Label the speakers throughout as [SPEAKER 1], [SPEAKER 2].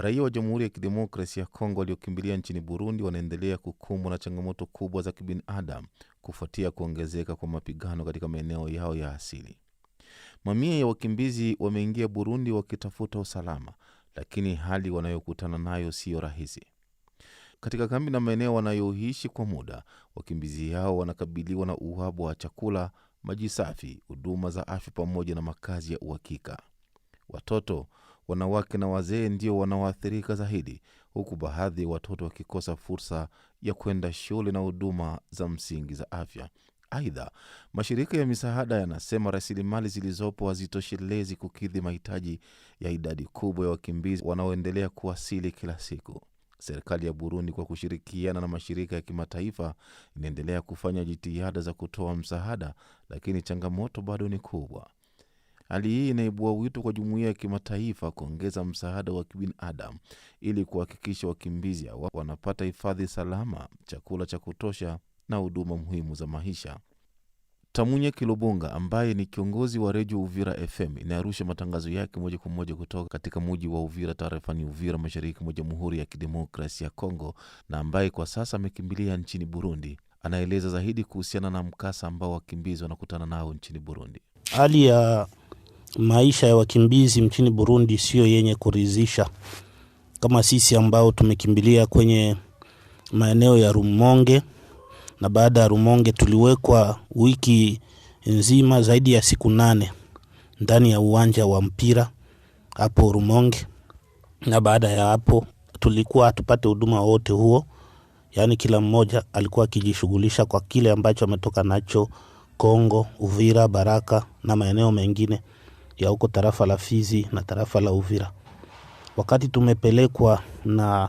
[SPEAKER 1] Raia wa Jamhuri ya kidemokrasi ya Kongo waliokimbilia nchini Burundi wanaendelea kukumbwa na changamoto kubwa za kibinadam kufuatia kuongezeka kwa mapigano katika maeneo yao ya asili. Mamia ya wakimbizi wameingia Burundi wakitafuta usalama, lakini hali wanayokutana nayo siyo rahisi. Katika kambi na maeneo wanayoishi kwa muda, wakimbizi hao wanakabiliwa na uhabu wa chakula, maji safi, huduma za afya pamoja na makazi ya uhakika. Watoto wanawake na wazee ndio wanaoathirika zaidi, huku baadhi ya watoto wakikosa fursa ya kwenda shule na huduma za msingi za afya. Aidha, mashirika ya misaada yanasema rasilimali zilizopo hazitoshelezi kukidhi mahitaji ya idadi kubwa ya wakimbizi wanaoendelea kuwasili kila siku. Serikali ya Burundi kwa kushirikiana na mashirika ya kimataifa inaendelea kufanya jitihada za kutoa msaada, lakini changamoto bado ni kubwa. Hali hii inaibua wito kwa jumuiya ya kimataifa kuongeza msaada wa kibinadamu ili kuhakikisha wakimbizi wanapata hifadhi salama, chakula cha kutosha na huduma muhimu za maisha. Tamunye Kilobonga ambaye ni kiongozi wa redio Uvira FM inayarusha matangazo yake moja kwa moja kutoka katika muji wa Uvira tarafani Uvira, mashariki mwa Jamhuri ya Kidemokrasia ya Kongo, na ambaye kwa sasa amekimbilia nchini Burundi, anaeleza zaidi kuhusiana na mkasa ambao wakimbizi wanakutana nao nchini Burundi.
[SPEAKER 2] Hali ya Maisha ya wakimbizi nchini Burundi sio yenye kurizisha kama sisi ambao tumekimbilia kwenye maeneo ya Rumonge, na baada ya Rumonge tuliwekwa wiki nzima, zaidi ya siku nane ndani ya uwanja wa mpira hapo Rumonge, na baada ya hapo tulikuwa tupate huduma wote huo, yaani kila mmoja alikuwa akijishughulisha kwa kile ambacho ametoka nacho Kongo, Uvira, Baraka na maeneo mengine ya huko tarafa la Fizi na tarafa la Uvira. Wakati tumepelekwa na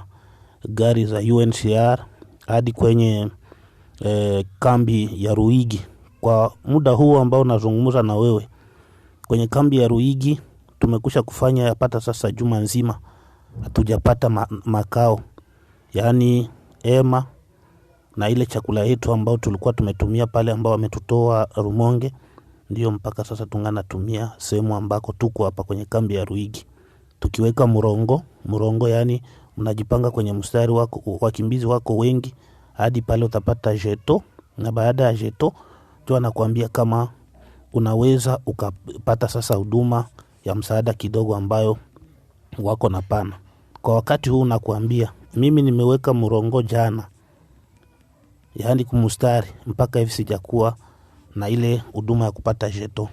[SPEAKER 2] gari za UNHCR hadi kwenye e, kambi ya Ruigi kwa muda huu ambao nazungumza na wewe, kwenye kambi ya Ruigi tumekusha kufanya yapata sasa juma nzima, hatujapata ma makao, yaani ema na ile chakula yetu ambao tulikuwa tumetumia pale ambao wametutoa Rumonge ndio mpaka sasa tunganatumia sehemu ambako tuko hapa kwenye kambi ya Ruigi, tukiweka mrongo mrongo, yani mnajipanga kwenye mstari wako, wakimbizi wako wengi hadi pale utapata jeto, na baada ya jeto tu anakuambia kama unaweza ukapata sasa huduma ya msaada kidogo ambayo wako na pana kwa wakati huu. Nakuambia mimi nimeweka mrongo jana, yaani kumustari mpaka hivi sijakuwa na ile huduma ya kupata jeto,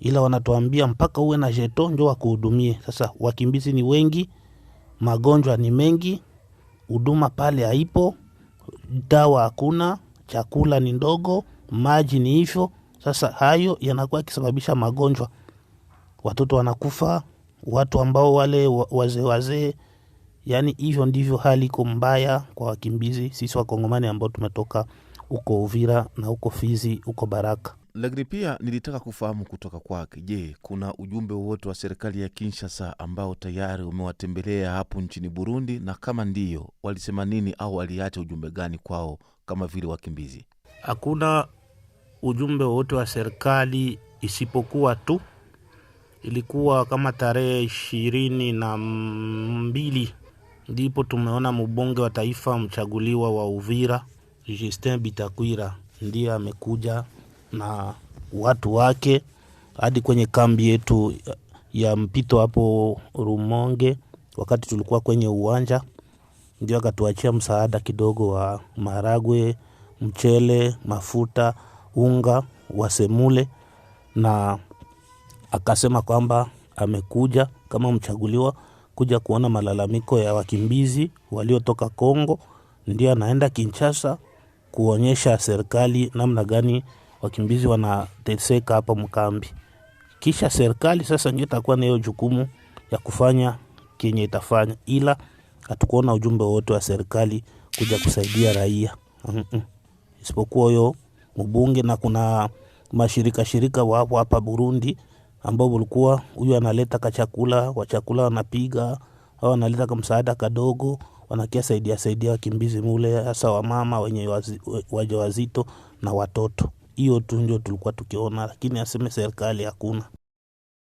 [SPEAKER 2] ila wanatuambia mpaka uwe na jeto njo wakuhudumie. Sasa wakimbizi ni wengi, magonjwa ni mengi, huduma pale haipo, dawa hakuna, chakula ni ndogo, maji ni hivyo. Sasa hayo yanakuwa yakisababisha magonjwa, watoto wanakufa, watu ambao wale wazee wazee Yaani hivyo ndivyo hali iko mbaya kwa wakimbizi sisi wakongomani ambao tumetoka uko Uvira na uko Fizi, uko Baraka.
[SPEAKER 1] Lakini pia nilitaka kufahamu kutoka kwake, je, kuna ujumbe wowote wa serikali ya Kinshasa ambao tayari umewatembelea hapo nchini Burundi, na kama ndiyo, walisema nini au waliacha ujumbe gani kwao kama vile wakimbizi?
[SPEAKER 2] Hakuna ujumbe wowote wa serikali isipokuwa tu ilikuwa kama tarehe ishirini na mbili ndipo tumeona mbunge wa taifa mchaguliwa wa Uvira Justin Bitakwira ndiye amekuja na watu wake hadi kwenye kambi yetu ya mpito hapo Rumonge, wakati tulikuwa kwenye uwanja, ndio akatuachia msaada kidogo wa maharagwe, mchele, mafuta, unga wa semule, na akasema kwamba amekuja kama mchaguliwa kuja kuona malalamiko ya wakimbizi waliotoka Kongo, ndio anaenda Kinshasa kuonyesha serikali namna gani wakimbizi wanateseka hapa mkambi. Kisha serikali sasa ndio itakuwa na hiyo jukumu ya kufanya kenye itafanya, ila hatukuona ujumbe wote wa serikali kuja kusaidia raia mm -mm. Isipokuwa huyo mbunge na kuna mashirika shirika wapo hapa Burundi ambao ulikuwa huyu analeta kachakula, wachakula wanapiga au analeta kamsaada kadogo wanakia saidia saidia wakimbizi mule, hasa wamama wenye waja wajawazito na watoto. Hiyo tu ndio tulikuwa tukiona, lakini aseme serikali hakuna.